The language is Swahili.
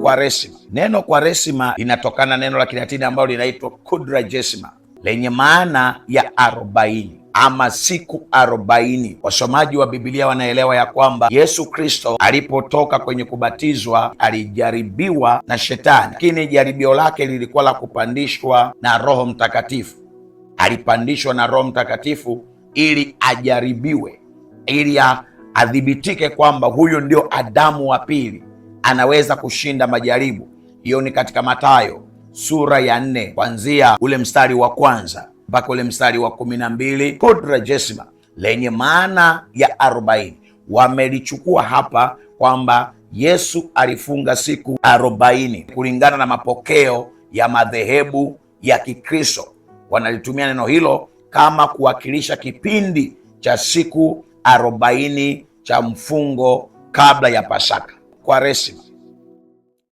Kwaresima. Neno Kwaresima linatokana neno la Kilatini ambalo linaitwa Quadragesima lenye maana ya arobaini ama siku arobaini. Wasomaji wa Biblia wanaelewa ya kwamba Yesu Kristo alipotoka kwenye kubatizwa alijaribiwa na Shetani, lakini jaribio lake lilikuwa la kupandishwa na Roho Mtakatifu. Alipandishwa na Roho Mtakatifu ili ajaribiwe, ili adhibitike kwamba huyu ndio Adamu wa pili anaweza kushinda majaribu. Hiyo ni katika Mathayo sura ya nne kuanzia ule mstari wa kwanza mpaka ule mstari wa kumi na mbili Kodrajesima lenye maana ya arobaini. Wamelichukua hapa kwamba Yesu alifunga siku arobaini kulingana na mapokeo ya madhehebu ya Kikristo. Wanalitumia neno hilo kama kuwakilisha kipindi cha siku arobaini cha mfungo kabla ya Pasaka. Quaresma.